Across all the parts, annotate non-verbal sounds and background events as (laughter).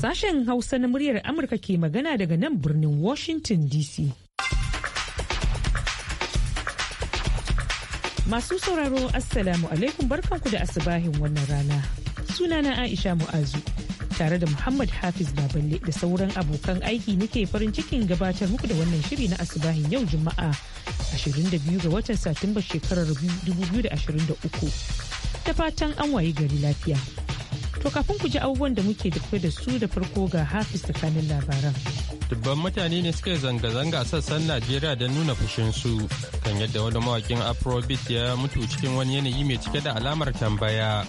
Sashen Hausa na muryar Amurka ke magana daga nan birnin Washington DC. Masu sauraro Assalamu alaikum barkanku da asubahin wannan rana. Sunana Aisha Mu'azu tare da Muhammad Hafiz Baballe da sauran abokan aiki nake farin cikin gabatar muku da wannan shiri na asubahin yau Juma'a 22 ga watan Satumba shekarar 2023. Ta fatan an wayi gari lafiya. To kafin ku ji abubuwan da muke tafe da su da farko ga Hafiz tsakanin labaran. Dubban mutane ne suka zanga-zanga a sassan Najeriya don nuna fushinsu kan yadda wani mawakin Afrobeat ya mutu cikin wani yanayi mai cike da alamar tambaya.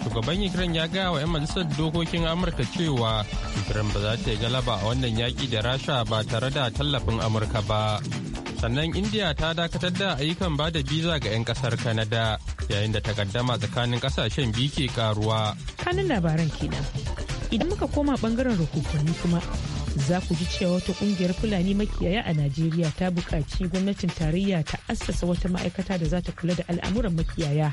Shugaban Ukraine ya gaya wa 'yan majalisar dokokin Amurka cewa Ukraine ba za ta yi galaba a wannan yaƙi da Rasha ba tare da tallafin Amurka ba. sannan india ta dakatar da ayyukan bada da biza ga 'yan kasar canada yayin da takaddama tsakanin kasashen biyu ke karuwa kanin labaran kenan idan muka koma bangaren rahotanni kuma za ku ji cewa wata kungiyar fulani makiyaya a najeriya ta buƙaci gwamnatin tarayya ta assasa wata ma'aikata da za ta kula da al'amuran makiyaya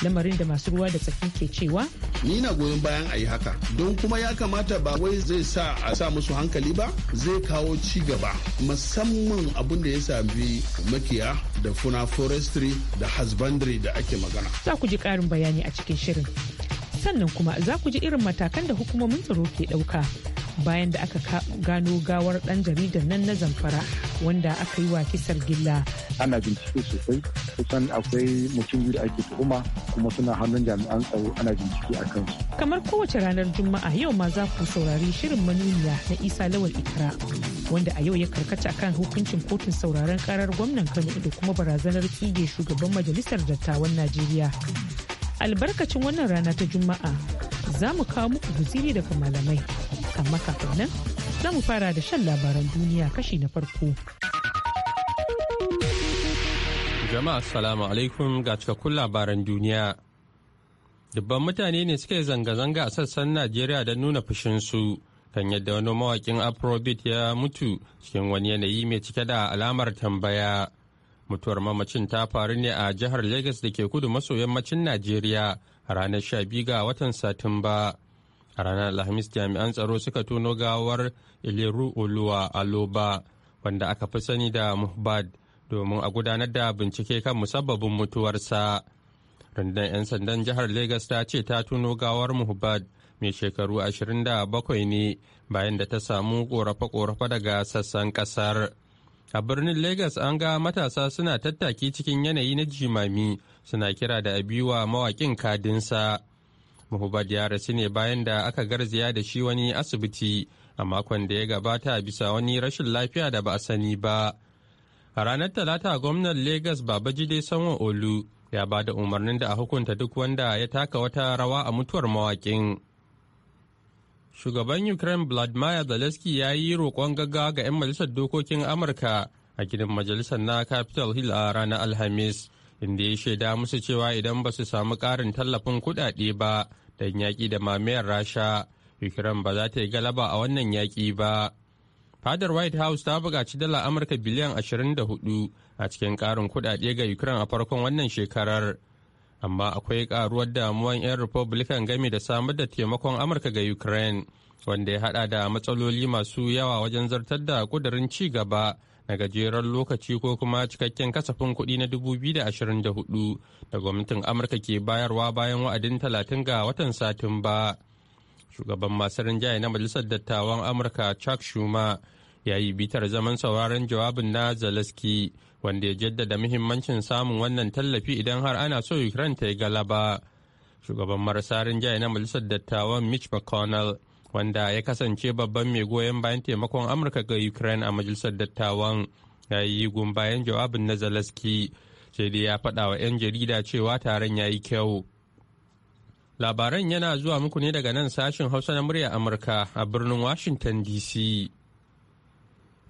lamarin da masu ruwa da tsaki ke cewa ni na goyon bayan a yi haka don kuma ya kamata ba wai zai sa a sa musu hankali ba zai kawo ci gaba musamman abin da ya sami makiya da funa forestry da husbandry da ake magana za ku ji ƙarin bayani a cikin shirin sannan kuma za ku ji irin matakan da hukumomin tsaro ke ɗauka bayan da aka gano gawar ɗan jaridar nan na zamfara wanda aka yi wa kisar gilla. Ana bincike sosai kusan akwai mutum biyu da ake tuhuma kuma suna hannun jami'an tsaro ana bincike a kansu. Kamar kowace ranar Juma'a yau ma za ku saurari shirin manuniya na Isa Lawal Ikra wanda a yau ya karkata kan hukuncin kotun sauraron karar gwamnan Kano da kuma barazanar kige shugaban majalisar dattawan Najeriya. albarkacin wannan rana ta juma'a za mu kawo muku guziri daga malamai amma kafin nan za mu fara da shan labaran duniya kashi na farko jama'a assalamu alaikum ga cikakkun labaran duniya dubban mutane ne suka yi zanga-zanga a sassan najeriya don nuna fushin su kan yadda wani mawakin afrobeat ya mutu cikin wani yanayi mai cike da alamar tambaya mutuwar mamacin ta faru ne a jihar Legas da ke kudu maso yammacin Najeriya a ranar 12 ga watan Satumba. A ranar Alhamis jami'an tsaro suka tono gawar Iliru Oluwa Aloba wanda aka fi sani da Muhbad domin a gudanar da bincike kan musabbabin mutuwarsa. Rundunar 'yan sandan jihar Legas ta ce ta tuno gawar Muhbad mai shekaru ashirin da bakwai ne bayan da ta samu korafe-korafe daga sassan kasar. A birnin Legas an ga matasa suna tattaki cikin yanayi na jimami suna kira da abiwa mawaƙin kadinsa. muhbad ya rasu ne bayan da aka garziya da shi wani asibiti a makon da ya gabata bisa wani rashin lafiya da ba a sani ba. A ranar Talata gwamnan Legas Babajide Sanwo Olu ya ba da umarnin da a hukunta duk wanda ya taka wata rawa a mutuwar mawakin. shugaban ukraine vladimir zelensky ya yi roƙon gaggawa ga 'yan majalisar dokokin amurka a gidan majalisar na capitol hill a ranar alhamis inda ya shaida musu cewa idan ba su samu ƙarin tallafin kuɗaɗe ba don yaƙi da mamayar rasha ukraine ba za ta yi galaba a wannan yaƙi ba fadar white house ta buƙaci dala amurka biliyan 24 a cikin ƙarin kuɗaɗe ga ukraine a farkon wannan shekarar amma akwai karuwar damuwan 'yan republican game da samar da taimakon amurka ga ukraine wanda ya hada da matsaloli masu yawa wajen zartar da kudurin ci gaba na gajeren lokaci ko kuma cikakken kasafin kudi na 2024 da gwamnatin amurka ke bayarwa bayan wa'adin 30 ga watan satumba shugaban masu rinjaye na majalisar dattawan amurka chuck schumer ya yi bitar zaman sauraron jawabin na Zelensky wanda ya jaddada muhimmancin samun wannan tallafi idan har ana so Ukraine ta yi galaba. Shugaban marasa rinjaye na Majalisar Dattawan Mitch McConnell wanda ya kasance babban mai goyon bayan taimakon Amurka ga Ukraine a Majalisar Dattawan ya yi bayan jawabin na Zelensky sai dai ya faɗa wa 'yan jarida cewa taron ya yi kyau. Labaran yana zuwa muku ne daga nan sashen Hausa na murya Amurka a birnin Washington DC.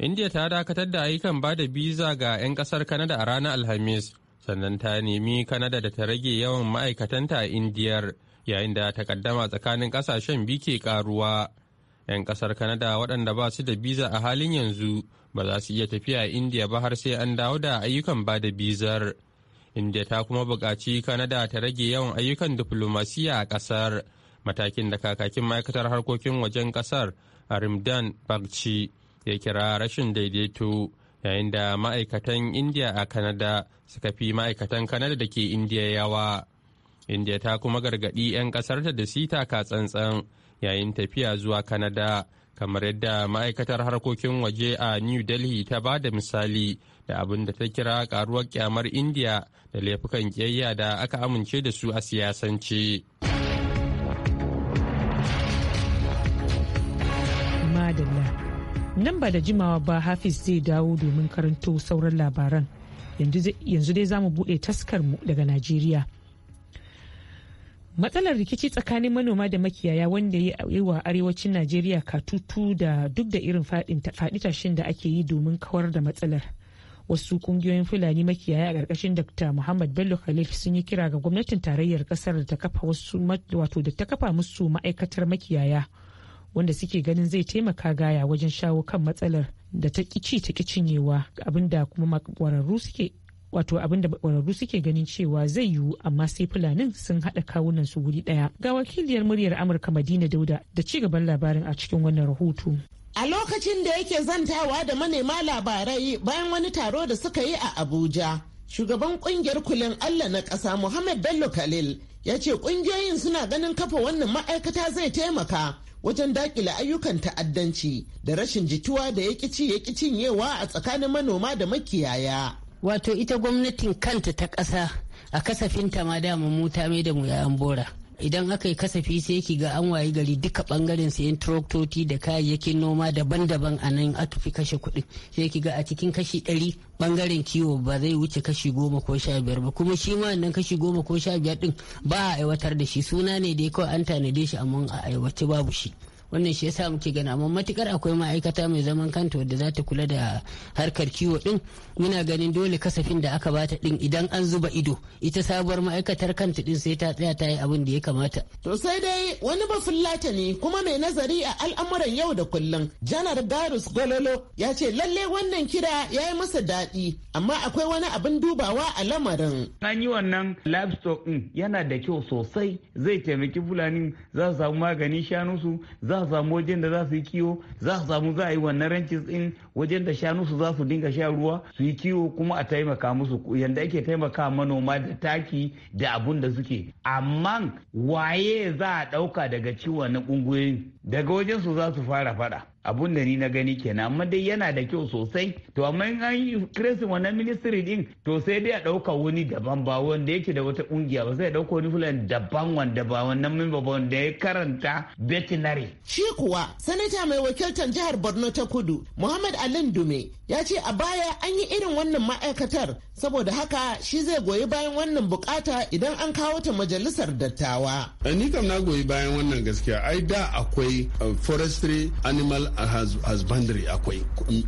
india ta dakatar da ayyukan ba da biza ga 'yan kasar kanada a ranar alhamis sannan ta nemi kanada da ta rage yawan ma'aikatanta a indiyar yayin da ta kaddama tsakanin kasashen biyu ke karuwa 'yan kasar kanada waɗanda ba su da biza a halin yanzu ba za su iya tafiya a indiya ba har sai an dawo da ayyukan ba da bizar indiya ta kuma buƙaci kanada ta rage yawan ayyukan diflomasiya a ƙasar matakin da kakakin ma'aikatar harkokin wajen ƙasar arimdan bakci ya kira rashin daidaito yayin da ma'aikatan indiya a kanada suka fi ma'aikatan kanada da ke indiya yawa indiya ta kuma gargaɗi 'yan ƙasarta da sita ka tsantsan yayin tafiya zuwa kanada kamar yadda ma'aikatar harkokin waje a new delhi ta ba da misali da abin da ta kira karuwar kyamar indiya da laifukan kiyayya da aka amince da su a siyasance madalla nan ba da jimawa ba hafiz zai dawo domin karanto sauran labaran yanzu dai zamu mu taskar mu daga najeriya matsalar rikici tsakanin manoma da makiyaya wanda ya yi wa arewacin najeriya katutu da duk da irin faɗi tashin da ake yi domin kawar da matsalar wasu kungiyoyin fulani makiyaya a ƙarƙashin dr muhammad bello khalil sun yi kira ga gwamnatin tarayyar ƙasar da ta kafa wato da ta kafa musu ma'aikatar makiyaya wanda suke ganin zai taimaka gaya wajen shawo kan matsalar da ta ci ta cinyewa abinda kuma kwararru suke wato abinda kwararru suke ganin cewa zai yiwu amma sai fulanin sun haɗa kawunan su wuri ɗaya ga wakiliyar muryar amurka madina dauda da ci gaban labarin a cikin wannan rahoto A lokacin da yake zantawa da manema labarai bayan wani taro da suka yi a Abuja, shugaban ƙungiyar kulin Allah na ƙasa Muhammad Bello Khalil ya ce ƙungiyoyin suna ganin kafa wannan ma'aikata zai taimaka wajen dakile ayyukan ta'addanci da rashin jituwa da ya ci ya cinyewa a tsakanin manoma da makiyaya. Wato ita gwamnatin kanta ta ƙasa a kasafinta ma dama mu ta mai da mu yayan bora. idan aka yi kasafi sai ki ga an wayi gari duka bangaren sayan traktoci da kayayyakin noma daban-daban a nan aka fi kashe kuɗin sai ki ga a cikin kashi ɗari bangaren kiwo ba zai wuce kashi goma ko sha biyar ba kuma shi ma wannan kashi goma ko sha biyar ɗin ba a aiwatar da shi suna ne da kawai an tanade shi amma a aiwace babu shi. wannan shi yasa muke gani amma matukar akwai ma'aikata mai zaman kanta wadda za ta kula da harkar kiwo din muna ganin dole kasafin da aka bata din idan an zuba ido ita sabuwar ma'aikatar kanta din sai ta tsaya ta yi abin da ya kamata to sai dai wani bafullata ne kuma mai nazari a al'amuran yau da kullum janar garus gololo ya ce lalle wannan kira ya yi masa daɗi amma akwai wani abin dubawa a lamarin an yi wannan livestock din yana da kyau sosai zai taimaki fulani za su samu magani su za za samu wajen da za su yi kiwo za su samu za a yi wannan ranches din wajen da shanu su za su dinga sha ruwa su yi kiwo kuma a taimaka musu yanda ake taimaka manoma da taki da abun da suke amma waye za a ɗauka daga ciwon na ƙungiyoyin daga wajen su za su fara fada abun da ni na gani kenan amma dai yana da kyau sosai to amma in an yi kresin wannan ministry din to sai dai a dauka wani daban ba wanda yake da wata kungiya ba sai a dauka wani fulani daban wanda ba wannan mimba ba wanda ya karanta veterinary shi kuwa sanata mai wakiltar jihar Borno ta Kudu Muhammad Alin Dume ya ce a baya an yi irin wannan ma'aikatar saboda haka shi zai goyi bayan wannan bukata idan an kawo ta majalisar dattawa eh, ni kam na goyi bayan wannan gaskiya ai da akwai akwai um, forestry animal husbandry akwai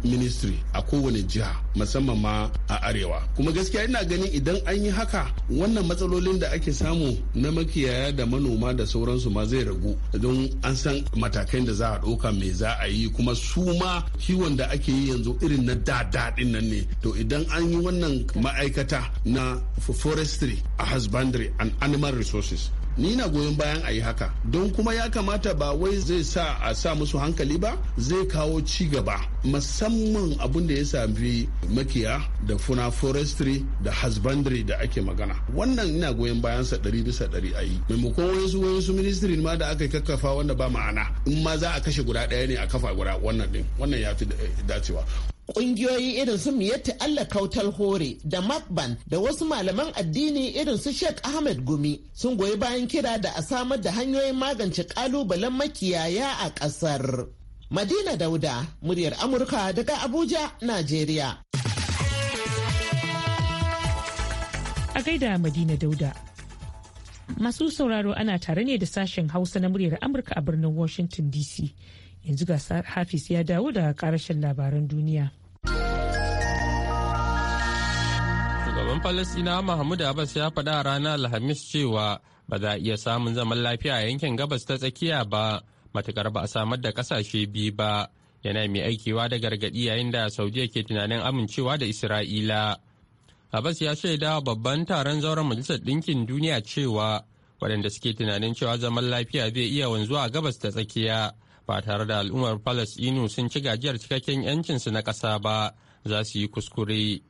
ministry a kowane jiha musamman ma a arewa kuma gaskiya ina ganin idan an yi haka wannan matsalolin da ake samu na makiyaya da manoma da sauransu ma zai ragu don an san matakai da za a ɗauka mai za a yi kuma su ma kiwon da ake yi yanzu irin na daɗin nan ne to idan an yi wannan ma'aikata na forestry a husbandry and animal resources ni na goyon bayan a yi haka don kuma ya kamata ba wai zai sa a sa musu hankali ba zai kawo ci gaba musamman abin da ya sami makiya da funa forestry da husbandry da ake magana wannan ina goyon bayan sa ɗari bisa ɗari a yi maimakon wayansu wayansu ministry ma da aka kakkafa wanda ba ma'ana in ma za a kashe guda ɗaya ne a kafa guda wannan ɗin wannan ya fi dacewa Ƙungiyoyi irin su Miyatti Allah Kautal Hore da Makban da wasu malaman addini irin su Sheikh Ahmed Gumi sun goyi bayan kira da a samar da hanyoyin magance ƙalubalen makiyaya a ƙasar. Madina Dauda, muryar Amurka daga Abuja, Najeriya. A gaida Madina Dauda. Masu sauraro ana tare ne da sashen Hausa na muryar Amurka a birnin Washington DC. yanzu ga hafiz ya dawo da karashin labaran duniya shugaban falasina mahmud abbas ya faɗa a ranar alhamis cewa ba za a iya samun zaman lafiya a yankin gabas ta tsakiya ba matukar ba a samar da kasashe biyu ba yana mai aikewa da gargaɗi yayin da saudiya ke tunanin amincewa da isra'ila abbas ya shaida babban taron zauren majalisar ɗinkin duniya cewa waɗanda suke tunanin cewa zaman lafiya zai iya wanzuwa a gabas ta tsakiya ba tare da al'ummar Falasɗinu sun ci gajiyar cikakken 'yancinsu na ƙasa ba za su yi kuskure.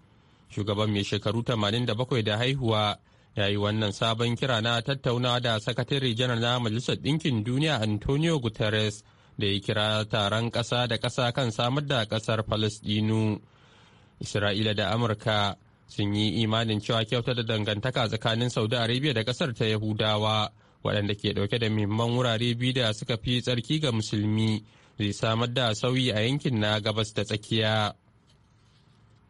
Shugaban mai shekaru 87 da haihuwa ya yi wannan sabon kira na tattaunawa da sakatare janar na Majalisar Ɗinkin Duniya Antonio Guterres da ya kira taron ƙasa da ƙasa kan samar da ƙasar Falasɗinu. Isra'ila da Amurka sun yi imanin cewa kyautar da dangantaka tsakanin Saudi Arabia da ƙasar ta Yahudawa. waɗanda ke ɗauke da mimman wurare biyu da suka fi tsarki ga musulmi zai samar da sauyi a yankin na gabas da tsakiya.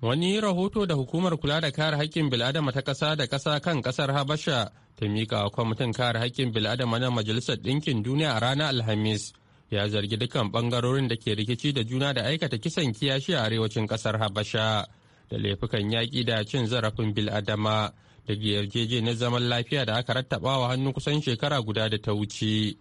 Wani rahoto da hukumar kula da kare haƙƙin bil'adama ta ƙasa da ƙasa kan ƙasar Habasha ta miƙa wa kwamitin kare haƙƙin bil'adama na Majalisar Ɗinkin Duniya a ranar Alhamis ya zargi dukkan ɓangarorin da ke rikici da juna da aikata kisan kiyashi a arewacin ƙasar Habasha da laifukan yaƙi da cin zarafin bil'adama da na zaman lafiya da aka rattabawa hannu kusan shekara guda da ta wuce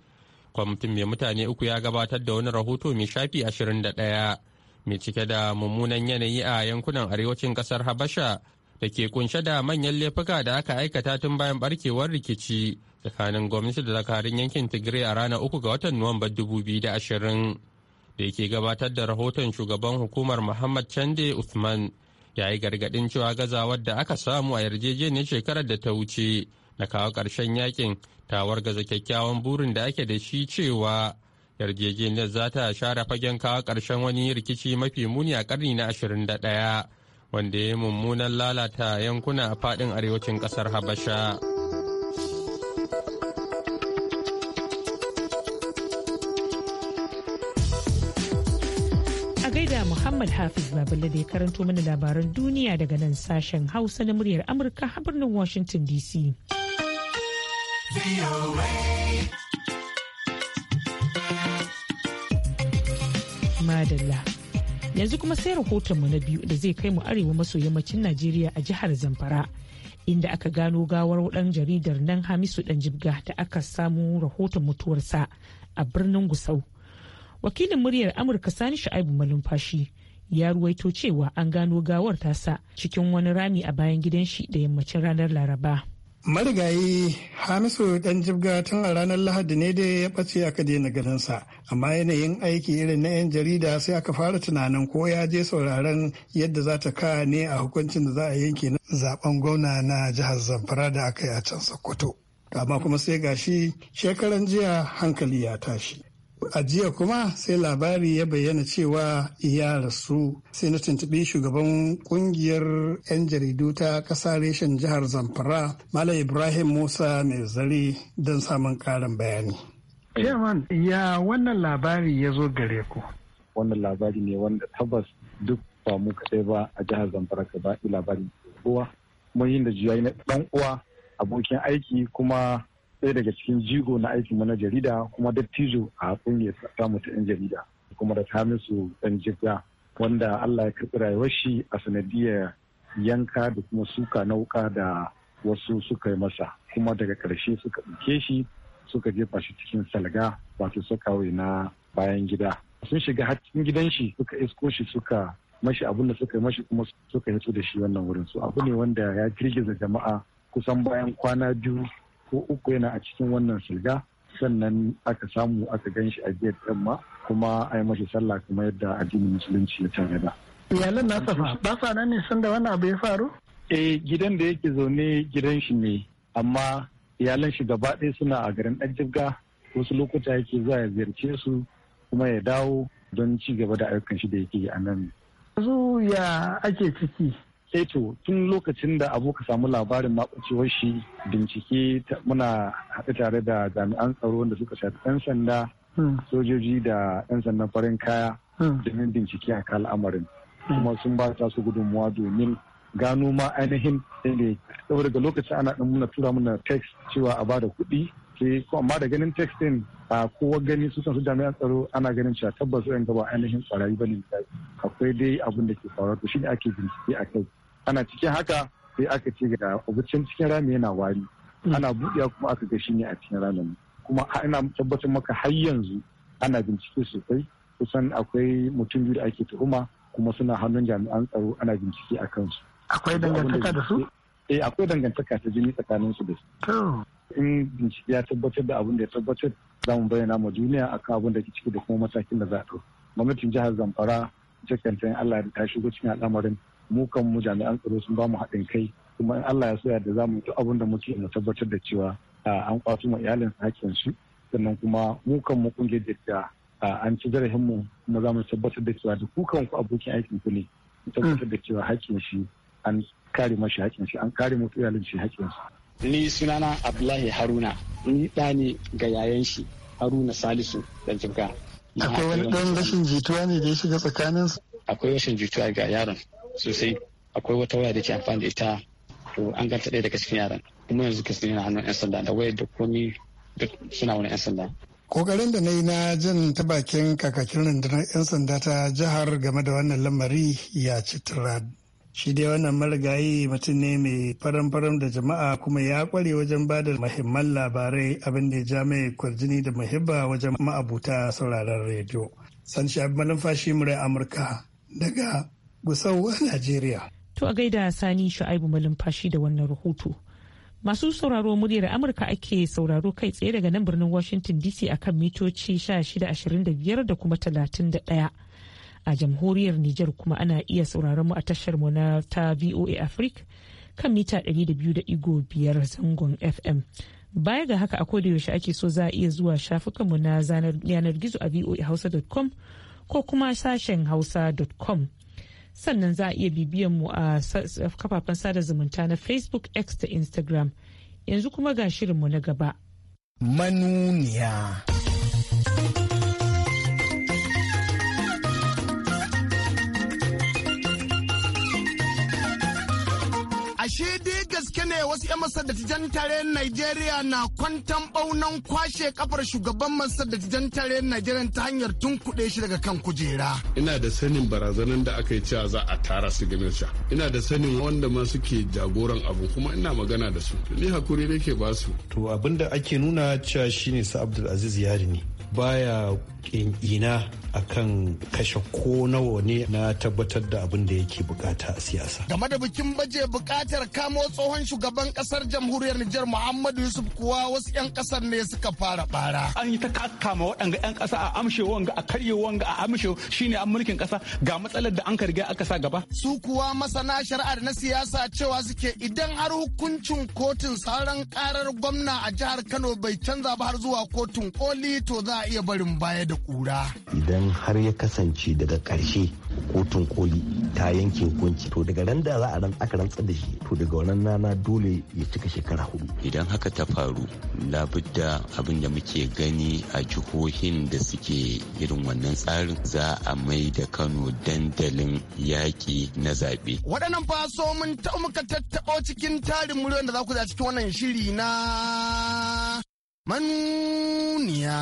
kwamitin mai mutane uku ya gabatar da wani rahoto mai shafi ashirin da 21 mai cike da mummunan yanayi a yankunan arewacin kasar habasha da ke kunshe da manyan laifuka da aka aikata tun bayan barkewar rikici tsakanin gwamnati da zakarin yankin tigray a ranar uku ga watan nuwamba 2020 da ke gabatar da rahoton shugaban hukumar muhammad chande usman ya yi gargadin cewa gazawar da aka samu a yarjejeniyar shekarar da ta wuce na kawo ƙarshen yakin tawar gaza kyakkyawan burin da ake da shi cewa yarjejeniyar za ta share fagen kawo ƙarshen wani rikici mafi muni a karni na da ɗaya wanda ya yi mummunan lalata yankuna a faɗin arewacin ƙasar habasha. Muhammad Hafiz Baballe da ya karanto mana labaran duniya daga nan sashen Hausa na muryar Amurka a birnin Washington DC. Madalla. Yanzu kuma sai rahotonmu na biyu da zai kai mu arewa maso yammacin Najeriya a jihar Zamfara. Inda aka gano gawar ɗan jaridar nan Hamisu jibga da aka samu rahoton mutuwarsa a birnin Gusau. wakilin muryar amurka sani sha'ibu malumfashi ya ruwaito cewa an gano gawar tasa cikin wani rami a bayan gidan shi da yammacin ranar laraba marigayi hamisu dan jibga tun a ranar lahadi ne da ya ɓace aka daina ganinsa amma yanayin aiki irin na 'yan jarida sai aka fara tunanin ko ya je sauraren yadda za ta ka ne a hukuncin da za a yanke na zaben gwamna na jihar zamfara da aka yi a can sokoto amma kuma sai gashi shekaran jiya hankali ya tashi a jiya kuma sai labari ya bayyana cewa ya rasu sai na tuntuɓi shugaban kungiyar 'yan jaridu ta ƙasa reshen jihar zamfara malam ibrahim musa mai zare don samun ƙarin bayani Chairman, ya wannan labari ya zo gare ku wannan labari ne wanda tabbas duk ba mu kaɗai ba a jihar zamfara ka ba labarin kowa mun yin da juyayi na ɗan uwa abokin aiki kuma ɗaya daga cikin jigo na aikin mana jarida kuma dattijo a kungiyar samu ta 'yan jarida kuma da Hamisu ɗan jirga wanda Allah ya karɓi rayuwar shi a sanadiyar yanka da kuma suka na da wasu suka yi masa kuma daga karshe suka ɗauke shi suka jefa shi cikin salga wato sakawai na bayan gida sun shiga har cikin gidan shi suka isko shi suka mashi abin da suka yi mashi kuma suka yi da shi wannan wurin su abu ne wanda ya girgiza jama'a kusan bayan kwana biyu ko uku yana a cikin wannan silga sannan aka samu aka gan shi a biyar ɗin ma kuma a yi mashi sallah kamar yadda addinin musulunci ya tare da. iyalan na fa ba sa nan ne sanda wani abu ya faru? eh gidan da yake zaune gidan shi ne amma iyalan shi gaba ɗaya suna a garin ɗan jibga wasu lokuta yake zuwa ya ziyarce su kuma ya dawo don ci gaba da ayyukan shi da yake a nan. yanzu ya ake ciki sai eh to tun lokacin da abu ka samu labarin makwacewar shi bincike muna haɗu tare da jami'an tsaro da suka shafi 'yan sanda hmm. sojoji da 'yan sandan farin kaya hmm. domin bincike a kan al'amarin hmm. kuma sun ba ta su gudunmuwa domin gano ma ainihin saboda daga lokacin ana ɗan muna tura muna text cewa a bada kuɗi sai ko amma da ganin text din a kowa gani su su jami'an tsaro ana ganin cewa tabbas ɗan gaba ainihin tsarayi ba ne akwai dai abin da ke faruwa to ne ake bincike a kai ana cikin haka sai aka ce ga abincin cikin rami yana wari mm. ana buɗewa kuma aka ga shi ne a cikin ramin kuma ina tabbatar maka har yanzu ana bincike sosai kusan akwai mutum biyu da ake tuhuma kuma suna hannun jami'an tsaro ana bincike a kansu akwai dangantaka da su eh akwai dangantaka ta jini tsakanin su da su in bincike ya tabbatar da abin da ya tabbatar za mu bayyana ma duniya akan abin da ke ciki da kuma matakin da za a gwamnatin jihar zamfara ita kanta Allah da ta shigo cikin al'amarin mu kan mu jami'an tsaro sun ba mu haɗin kai kuma in Allah ya so yadda za mu yi abin da muke mu tabbatar da cewa an kwato mu iyalin hakkin su sannan kuma mu kan mu kungiyar da an ci zarafin mu kuma za mu tabbatar da cewa da ku kan ku abokin aikin ku ne mu tabbatar da cewa hakkin shi an kare mashi hakkin shi an kare mu iyalin shi hakkin shi. Ni sunana Abdullahi Haruna ni ɗa ne ga yayan shi Haruna Salisu dan jinka. Akwai wani ɗan rashin jituwa ne da ya shiga tsakaninsu. Akwai rashin jituwa ga yaron sosai akwai wata waya da ke amfani da ita to an ganta ɗaya daga cikin yaran kuma yanzu kasu yana hannun 'yan sanda da wayar da komi duk suna wani 'yan sanda kokarin da na yi na jin ta bakin kakakin rundunar 'yan sanda ta jihar game da wannan lamari ya ci tura shi dai wannan marigayi mutum ne mai faran-faran da jama'a kuma ya kware wajen ba da mahimman labarai abin da ya ja mai kwarjini da muhibba wajen ma'abuta sauraron rediyo sanshi abin malumfashi murai amurka daga Gusau a (laughs) Najeriya. To a gaida Sani Shu'aibu fashi da wannan rahoto. Masu sauraro muryar Amurka ake sauraro kai tsaye daga nan birnin Washington DC a kan mitoci 1625 da kuma 31. A jamhuriyar Nijar kuma ana iya sauraron mu a tashar mu na ta VOA Africa kan mita 200.5 zangon FM. Baya ga haka a yaushe ake so za a iya zuwa shafukanmu na yanar gizo a voahausa.com ko kuma sashen hausa.com sannan za a iya bibiyan mu a kafafen sada zumunta na facebook x da instagram yanzu kuma ga shirinmu na gaba manuniya ita ne wasu 'yan masar da tijan tare Nigeria na kwantan baunan kwashe kafar shugaban masar da tijan tare Nigeria ta hanyar tunkuɗe shi daga kan kujera. Ina da sanin barazanan da aka yi cewa za a tara su ganin sha. Ina da sanin wanda ma suke jagoran abu kuma ina magana da su. Ni hakuri nake ba su. To abin da ake nuna cewa shine su Abdul Aziz Yari ne. Baya ina akan kashe ko nawa ne na tabbatar da abin da yake bukata a siyasa. Game da bikin baje bukatar kamo tsohon shugaban kasar jamhuriyar Nijar Muhammadu Yusuf kuwa wasu 'yan kasar ne suka fara bara. An yi ta kama waɗanda 'yan kasa a amshe wanga a karye wanga a amshe shine an mulkin kasa ga matsalar da an karge aka sa gaba. Su kuwa masana shari'ar na siyasa cewa suke idan har hukuncin kotun sauran karar gwamna a jihar Kano bai canza ba har zuwa kotun koli to za a iya barin baya da kura. idan har ya kasance daga ƙarshe kotun koli ta yanke hukunci to daga ran da za a ran aka rantsar da shi to daga wannan rana dole ya cika shekara hudu idan haka ta faru labudda abin da muke gani a jihohin da suke irin wannan tsarin za a mai da kano dandalin yaƙi na zaɓe waɗannan faso mun ta muka tattaɓo cikin tarin muryoyin da za ku za cikin wannan shiri na manuniya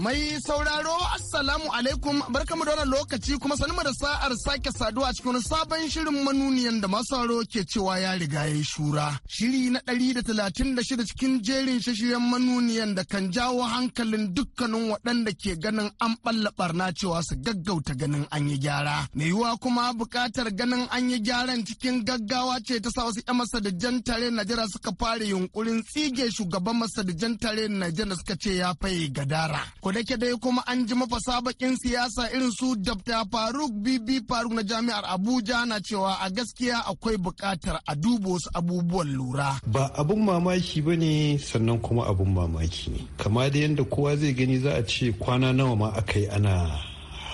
Mai sauraro Assalamu alaikum barkamu da wannan lokaci kuma sanmu da sa'ar sake saduwa a cikin sabon shirin manuniyan da masu sauraro ke cewa ya riga ya shura. Shiri na ɗari da talatin da shida cikin jerin shashiyan manuniyan da kan jawo hankalin dukkanin waɗanda ke ganin an ɓalla ɓarna cewa su gaggauta ganin an yi gyara. Mai yiwuwa kuma buƙatar ganin an yi gyaran cikin gaggawa ce ta sa wasu 'yan masadajen tare jira suka fara yunkurin tsige shugaban masadajen tare da suka ce ya faye gadara. Ko dai kuma an ji mafasa sabakin siyasa irin su Dr. Faruk Bibi Faruk na Jami'ar Abuja na cewa a gaskiya akwai bukatar a duba wasu abubuwan lura. Ba abun mamaki ba ne sannan kuma abun mamaki ne. Kama da yadda kowa zai gani za a ce kwana nawa ma aka yi ana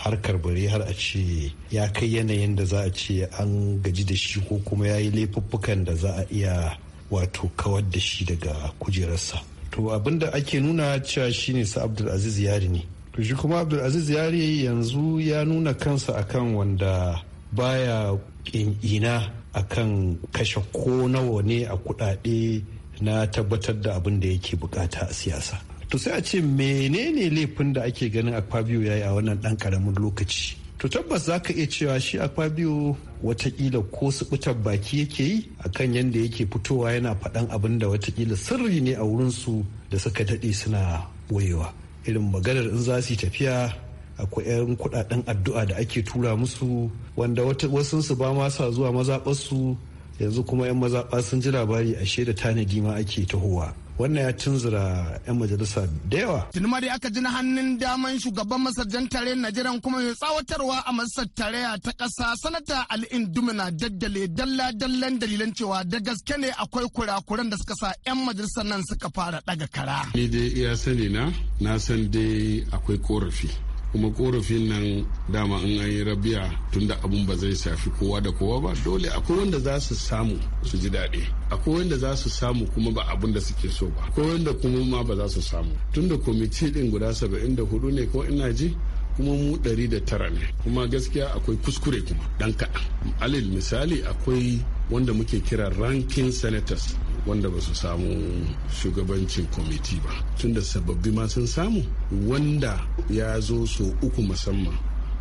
harkar bari har a ce ya kai yanayin da za a ce an gaji da shi ko kuma ya yi laifuffukan da za a iya wato kawar da shi daga kujerarsa. To abin ake nuna cewa shine su Abdulaziz Yari ne. to shi kuma abdulaziz yari yanzu ya nuna kansa akan wanda baya ƙin'ina akan kashe ko nawa ne a kuɗaɗe na tabbatar da abin da yake bukata a siyasa to sai a ce menene laifin da ake ganin akwabio ya yi a wannan dan karamin lokaci to tabbas za ka iya cewa shi akwabio watakila ko subutar baki yake yi a kan yadda yake fitowa yana faɗan abin da watakila sirri ne a wurinsu da suka daɗe suna wayewa. irin maganar in za su yi tafiya akwai 'yan kudaden addu'a da ake tura musu wanda wasu su ba masa zuwa mazaɓarsu yanzu kuma 'yan mazaɓa sun ji labari ashe da tanadi ma ake tahowa wannan ya cinzura 'yan majalisa da yawa. Tunuma dai aka ji na hannun daman shugaban masarjan tare Najeriya kuma mai tsawatarwa a masar tarayya ta ƙasa sanata Ali'in Dumina daddale dalla-dallan dalilan cewa da gaske ne akwai kurakuran da suka sa 'yan majalisar nan suka fara ɗaga kara. Ni dai iya sani na, na san dai akwai korafi. kuma korafin nan dama in an yi rabia tunda abun ba zai shafi kowa da kowa ba dole akwai wanda za su samu su ji daɗi akwai wanda za su samu kuma ba abun da suke so ba akwai wanda kuma ma ba za su samu tunda kwamiti din guda saba'in da hudu ne ko ina ji kuma mu ɗari da tara ne kuma gaskiya akwai kuskure kuma ɗan kaɗan alil misali akwai wanda muke kira ranking senators wanda ba su samu shugabancin kwamiti ba tunda sababbi ma sun samu wanda ya zo so uku musamman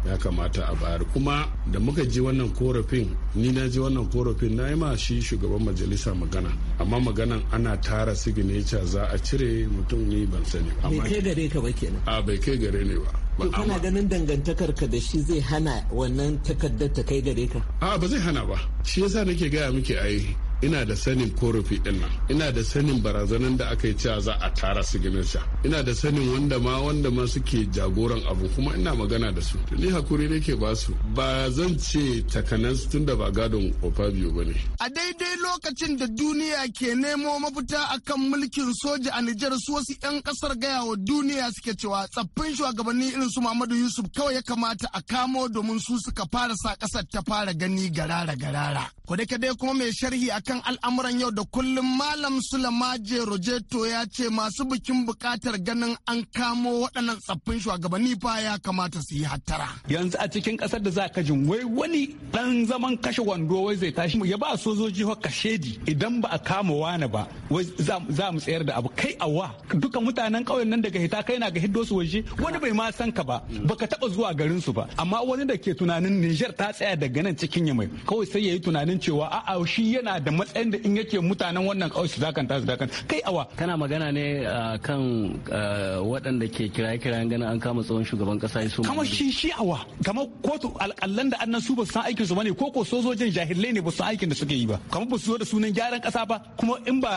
ya kamata a bayar kuma da muka ji wannan korafin ni na ji wannan korafin na yi ma shi shugaban majalisa magana amma maganan ana tara signature za a cire mutum ni ban sani ba bai kai gare ka ba kenan a bai kai gare ne ba To kana ganin dangantakar ka da shi zai hana wannan takardar ta kai gare ka? A ba zai hana ba. Shi yasa nake gaya miki ai ina da sanin korafi din nan ina da sanin barazanan da aka yi cewa za a tara su sha ina da sanin wanda ma wanda ma suke jagoran abu kuma ina magana da su ni hakuri nake ba su ba zan ce takanan su tunda ba gadon ofabio ba ne a daidai lokacin da duniya ke nemo mafita akan mulkin soja a Nijar su wasu 'yan kasar gaya wa duniya suke cewa tsaffin shugabanni irin su Muhammadu Yusuf kawai ya kamata a kamo domin su suka fara sa kasar ta fara gani garara garara. Kwadai kadai kuma mai sharhi akan kan al'amuran yau da kullum Malam Sulama Rojeto ya ce masu bikin bukatar ganin an kamo waɗannan tsaffin shugabanni fa ya kamata su yi hattara. Yanzu a cikin kasar da za ka jin wai wani dan zaman kashe wando wai zai tashi ya ba sojoji wa kashedi idan ba a kama wani ba wai za mu tsayar da abu kai awa dukan mutanen ƙauyen nan daga hita kai na ga hiddo su waje wani bai ma san ka ba baka taba zuwa garin su ba amma wani da ke tunanin Niger ta tsaya daga nan cikin yamai kawai sai ya yi tunanin cewa a'a shi yana da matsayin da in yake mutanen wannan kawai su zakanta su zakanta kai awa kana magana ne uh, kan uh, waɗanda ke kiraye kirayen ganin an kama tsohon shugaban ƙasa su kama shi shi awa kama kotu alƙallan da annan su ba san aikin su bane ko ko sojojin jahilai ne ba san aikin da suke yi ba kama ba su zo da sunan gyaran ƙasa ba kuma in ba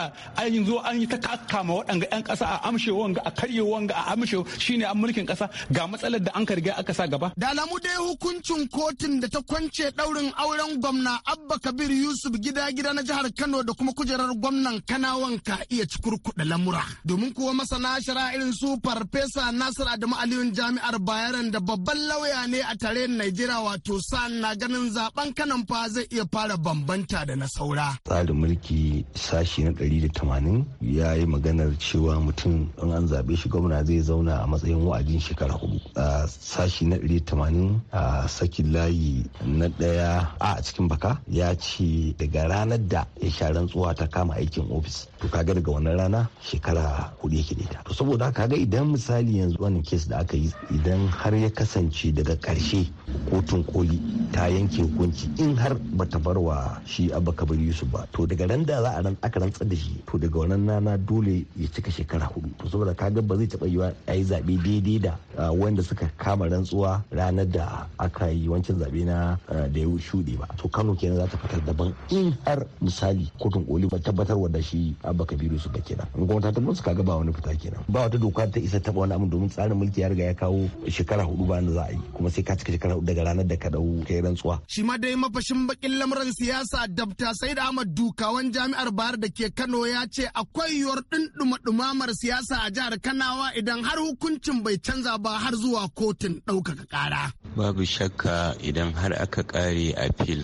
yin zo an yi ta kama waɗanga 'yan ƙasa a amshe wanga a karye wanga a amshe shine an mulkin ƙasa ga matsalar da an karge aka sa gaba da lamu dai hukuncin kotun da ta kwance daurin auren gwamna abba kabir yusuf gida gida na jihar Kano da kuma kujerar gwamnan Kanawan ka iya cikurkuɗa lamura. Domin kuwa masana shari'a irin su Farfesa Nasir Adamu Aliyun Jami'ar Bayaran da babban lauya ne a tare Najeriya wato san na ganin zaben Kanan fa zai iya fara bambanta da na saura. Tsarin mulki sashi na da tamanin ya yi maganar cewa mutum in an zaɓe shi gwamna zai zauna a matsayin wa'adin shekara hudu. Sashi na tamanin a sakin layi na ɗaya a cikin baka ya ce daga ranar da ya sha rantsuwa ta kama aikin ofis to kaga daga wannan rana shekara hudu yake da ita to saboda haka idan misali yanzu wannan kes da aka yi idan har ya kasance daga karshe kotun koli ta yanke hukunci in har bata bar wa shi abba kabir yusuf ba to daga ran da za a aka rantsar da shi to daga wannan rana dole ya cika shekara hudu to saboda kaga ba zai taba yiwa a yi zaɓe daidai da wanda suka kama rantsuwa ranar da aka yi wancan zaɓe na da ya shuɗe ba to kano kenan za ta fitar daban in har misali kotun koli ba tabbatar da shi abba kabiru su ba kenan in gwamnati ta musu kaga ba wani fita kenan ba wata doka ta isa taba wani abin domin tsarin mulki ya riga ya kawo shekara hudu ba da za a yi kuma sai ka cika shekara hudu daga ranar da ka dau kai rantsuwa shi ma dai mafashin bakin lamuran siyasa dabta sai da Ahmad Dukawan jami'ar Bayar da ke Kano ya ce akwai yuwar dinduma dumamar siyasa a jihar Kanawa idan har hukuncin bai canza ba har zuwa kotun ɗaukaka ƙara. Babu shakka idan har aka kare a fil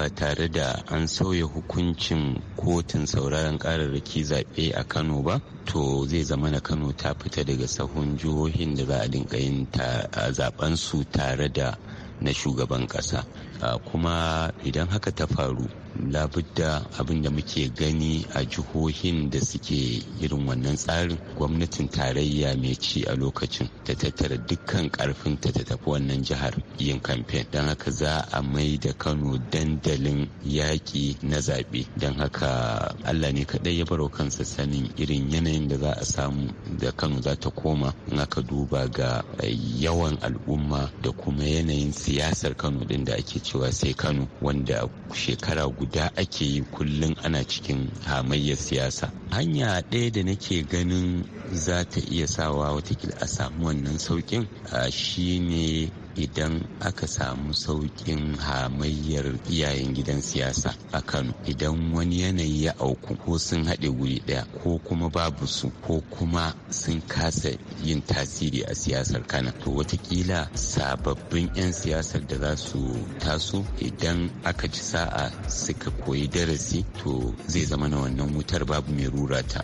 ba tare da an sauya hukuncin kotun sauraron kararraki zaɓe a kano ba to zai zama na kano ta fita daga sahun jihohin da za a dinka yin zaben su tare da na shugaban ƙasa kuma idan haka ta faru labudda abin da muke gani a jihohin da suke irin wannan tsarin gwamnatin tarayya mai ci a lokacin ta tattara dukkan karfin ta ta tafi wannan jihar yin kamfen don haka za a mai da kano dandalin yaƙi na zaɓe don haka allah ne kaɗai ya baro kansa sanin irin yanayin da za a samu da kano za ta koma in aka duba ga eh, yawan al'umma da kuma yanayin siyasar kano ɗin da ake cewa sai kano wanda shekara guda ake yi kullum ana cikin hamayyar siyasa hanya ɗaya da nake ganin za ta iya sawa watakila a samu wannan sauƙin shine idan aka samu sauƙin hamayyar iyayen gidan siyasa a kano idan wani yanayi ya auku ko sun haɗe wuri ɗaya ko kuma babu su ko kuma sun kasa yin tasiri a siyasar Kano. to watakila sababbin 'yan siyasar da za su taso idan aka ci sa'a suka koyi darasi to zai zama na wannan wutar babu mai rurata.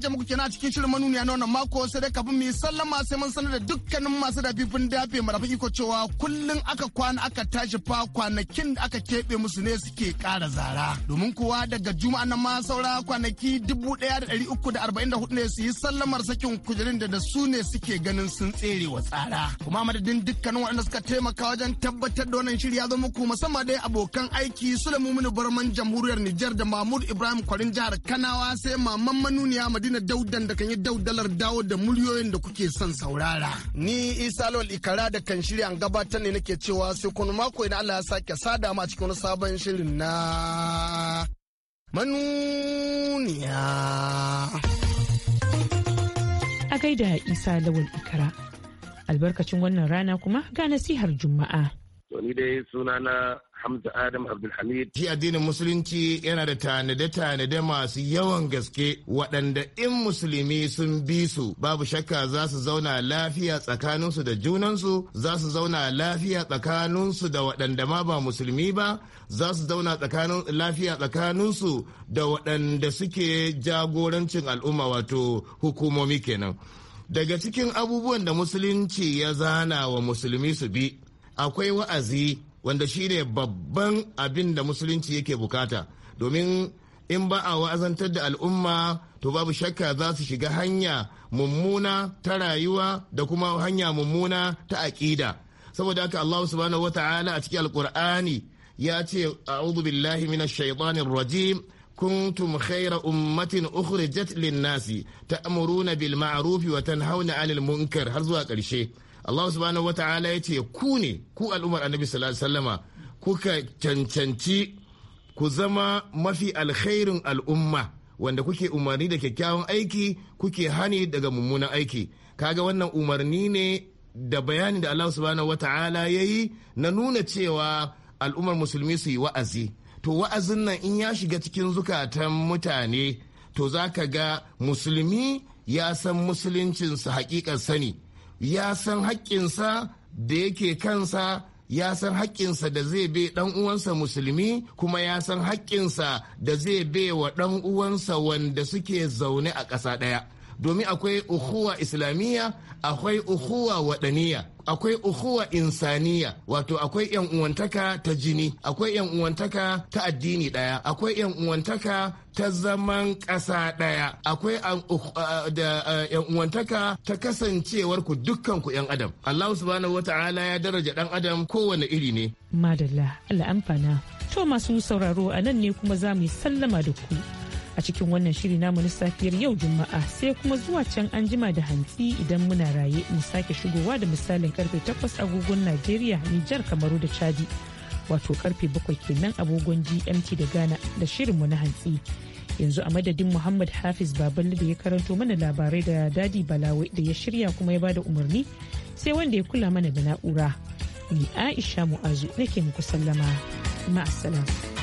aje muku kenan a cikin shirin manuniya na wannan mako sai dai kafin mu yi sallama sai mun sanar da dukkanin masu dafifin dafe mu iko cewa kullun aka kwana aka tashi fa kwanakin da aka keɓe musu ne suke kara zara. Domin kuwa daga juma'a nan ma saura kwanaki dubu ɗaya da ɗari uku da arba'in da hudu ne su yi sallamar sakin kujerun da da su ne suke ganin sun tsere wa tsara. Kuma madadin dukkanin waɗanda suka taimaka wajen tabbatar da wannan shirya zo muku musamman dai abokan aiki Sulaimu Mini Barman Jamhuriyar Nijar da Mahmud Ibrahim Kwarin Jihar Kanawa sai Maman Manuniya Madina Madina Daudan da kan yi daudalar dawo da muryoyin da kuke son saurara. Ni Isa Lawal Ikara da kan shirya an gabatar ne nake cewa sai kuma mako idan Allah ya sake sada ma cikin wani sabon shirin na manuniya. A gaida Isa Lawal Ikara. Albarkacin wannan rana kuma ga nasihar Juma'a. Wani dai suna na Hamza Adam Abdulhamid. Shi addinin musulunci yana da tanade-tanade masu yawan gaske waɗanda in musulmi sun bi su babu shakka za su zauna lafiya tsakaninsu da junansu za su zauna lafiya tsakaninsu da waɗanda ma ba musulmi ba za su zauna lafiya tsakaninsu da waɗanda suke jagorancin al'umma wato hukumomi kenan. Daga cikin abubuwan da musulunci ya zana wa musulmi su bi akwai wa'azi wanda shine babban abin da musulunci yake bukata domin in ba a wa'azantar da al'umma to babu shakka za su shiga hanya mummuna ta rayuwa da kuma hanya mummuna ta aƙida saboda haka allahu subhanahu wata'ala a cikin alkur'ani ya ce a'udhu billahi minash shaitanir rajim kuntum khayra ummatin ukhrijat lin-nasi ta'muruna bil ma'ruf wa tanhauna 'anil munkar har zuwa ƙarshe Allah subhanahu ta'ala ya ce ku ne ku al'ummar annabi sallallahu alaihi wasallama kuka cancanci ku zama mafi alkhairin al'umma wanda kuke umarni da kyakkyawan aiki kuke hani daga mummunan aiki kaga wannan umarni ne da bayani da Allah subhanahu ta'ala ya yi na nuna cewa al'ummar musulmi su yi wa'azi to wa'azin nan in ya shiga cikin zukatan mutane to za ka ga musulmi ya san musuluncinsu hakikar sani ya san haƙƙinsa da yake kansa ya san haƙƙinsa da zai be ɗan uwansa musulmi kuma ya san haƙƙinsa da zai bai wa ɗan uwansa wanda suke zaune a ƙasa ɗaya domin akwai uhuwa islamiyya akwai uhuwa waɗaniya akwai uhuwa insaniya wato akwai yan uwantaka ta jini akwai yan uwantaka ta addini ɗaya akwai yan uwantaka ta zaman ƙasa ɗaya akwai uh, uh, yan uwantaka ta kasancewar ku dukkan ku yan adam Allah subhanahu wata'ala ya daraja dan adam kowane iri ne madalla Allah amfana to masu sauraro a nan ne kuma za mu sallama da ku a cikin wannan shiri namu na safiyar yau juma'a sai kuma zuwa can an jima da hantsi idan muna raye mu sake shigowa da misalin karfe 8 agogon najeriya nijar kamaru da chadi wato karfe 7 kenan agogon gmt da ghana da shirinmu na hantsi yanzu a madadin muhammad hafiz babal da ya karanto mana labarai da dadi balawai da ya shirya kuma ya bada umarni sai wanda ya kula mana da na'ura ni aisha mu'azu nake muku sallama ma'assalam